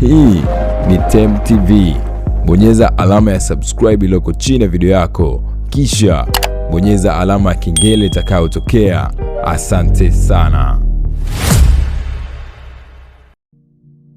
Hii ni Tem TV. Bonyeza alama ya subscribe iliyoko chini ya video yako, kisha bonyeza alama ya kengele itakayotokea. Asante sana.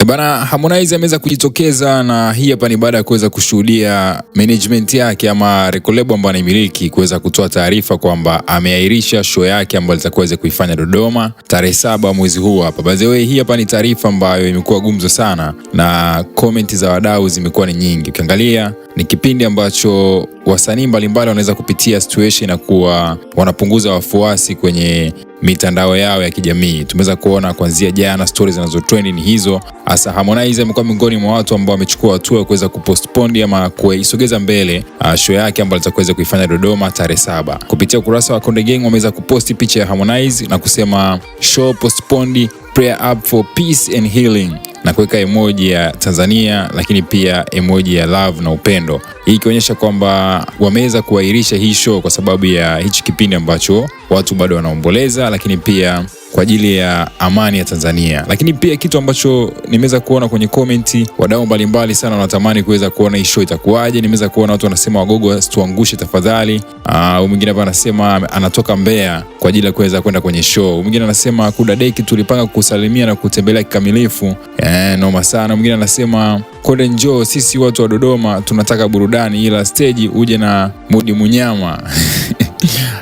Bana Harmonize ameweza kujitokeza na hii hapa ni baada ya kuweza kushuhudia management yake ama Rekolebo ambayo anaimiliki kuweza kutoa taarifa kwamba ameahirisha show yake ambayo alitakuwa aweze kuifanya Dodoma tarehe saba mwezi huu hapa. By the way, hii hapa ni taarifa ambayo imekuwa gumzo sana na comment za wadau zimekuwa ni nyingi. Ukiangalia ni kipindi ambacho wasanii mbalimbali wanaweza kupitia situation na kuwa wanapunguza wafuasi kwenye mitandao yao ya kijamii. Tumeweza kuona kuanzia jana stories zinazotrend ni hizo hasa. Harmonize amekuwa miongoni mwa watu ambao wamechukua hatua ya kuweza kupostpone ama kuisogeza mbele ah, show yake ambayo atakuweza kuifanya Dodoma tarehe saba. Kupitia ukurasa wa Konde Gang wameweza kuposti picha ya Harmonize na kusema show postponed, prayer up for peace and healing na kuweka emoji ya Tanzania, lakini pia emoji ya love na upendo, hii ikionyesha kwamba wameweza kuahirisha hii show kwa sababu ya hichi kipindi ambacho watu bado wanaomboleza, lakini pia kwa ajili ya amani ya Tanzania. Lakini pia kitu ambacho nimeweza kuona kwenye komenti, wadau mbalimbali sana wanatamani kuweza kuona hii show itakuwaje. Nimeweza kuona watu wanasema Wagogo asituangushe tafadhali. Uh, mwingine hapa anasema anatoka Mbeya kwa ajili ya kuweza kwenda kwenye show. Mwingine anasema kudadeki, tulipanga kusalimia na kutembelea kikamilifu. Eh, noma sana. Mwingine anasema kode njoo, sisi watu wa Dodoma tunataka burudani, ila steji uje na mudi munyama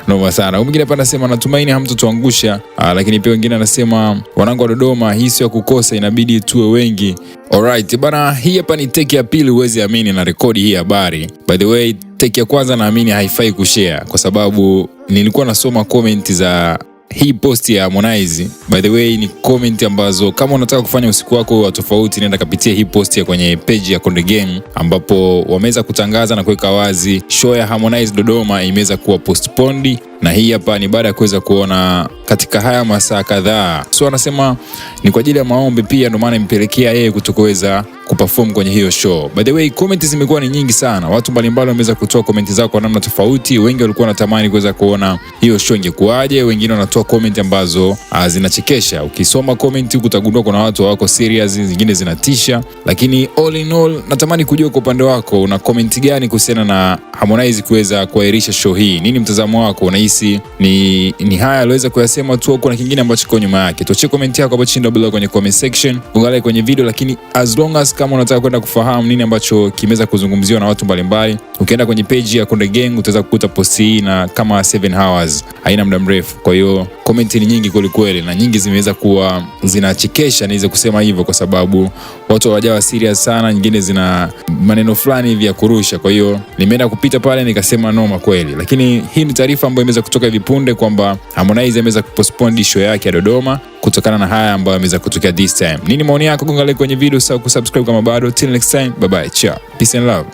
noma sana. Mwingine hapa anasema natumaini hamtotuangusha, ah, lakini pia wengine anasema wanangu wa Dodoma, hii sio ya kukosa, inabidi tuwe wengi. Alright bana, hii hapa ni teki ya pili, huwezi amini na rekodi hii habari. By the way, teki ya kwanza naamini haifai kushare kwa sababu nilikuwa nasoma comment za hii post ya Harmonize by the way, ni comment ambazo kama unataka kufanya usiku wako wa tofauti, nenda kapitia hii post ya kwenye page ya Konde Gang, ambapo wameweza kutangaza na kuweka wazi show ya Harmonize Dodoma imeweza kuwa postponed, na hii hapa ni baada ya kuweza kuona katika haya masaa kadhaa. So anasema ni kwa ajili ya maombi pia, ndio maana imepelekea yeye kutokuweza kuperform kwenye hiyo show. By the way, comment zimekuwa ni nyingi sana, watu mbalimbali wameweza kutoa comment zao kwa namna tofauti. Wengi walikuwa wanatamani kuweza kuona hiyo show ingekuwaje, wengine wanatoa comment ambazo ah, zinachekesha. Ukisoma comment utagundua kuna watu wako serious, zingine zinatisha, lakini all in all, natamani kujua kwa upande wako una comment gani kuhusiana na Harmonize kuweza kuahirisha show hii. Nini mtazamo wako? Unahisi ni, ni haya aliweza kuyasema tu au kuna kingine ambacho kiko nyuma yake? Tuachie comment yako hapo chini kwenye comment section, ungalie kwenye video, lakini as long as kama unataka kwenda kufahamu nini ambacho kimeweza kuzungumziwa na watu mbalimbali Ukienda kwenye page ya Konde Gang utaweza kukuta posti hii na kama 7 hours, haina muda mrefu. Kwa hiyo comment ni nyingi kweli kweli, na nyingi zimeweza kuwa zinachekesha, niweze kusema hivyo, kwa sababu watu hawajawa serious sana, nyingine zina maneno fulani hivi ya kurusha. Kwa hiyo nimeenda kupita pale nikasema noma kweli, lakini hii ni taarifa ambayo imeweza kutoka hivi punde kwamba Harmonize ameweza kupostpone show yake ya Dodoma kutokana na haya ambayo yameweza kutokea this time. Nini maoni yako? Gonga like kwenye video, sawa kusubscribe kama bado. Till next time, bye bye, ciao, peace and love.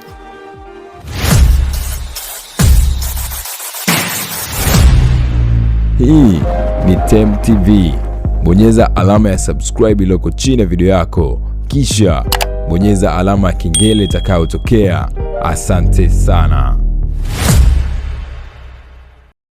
Hii ni Tem TV. Bonyeza alama ya subscribe iliyoko chini ya video yako, kisha bonyeza alama ya kengele itakayotokea. Asante sana.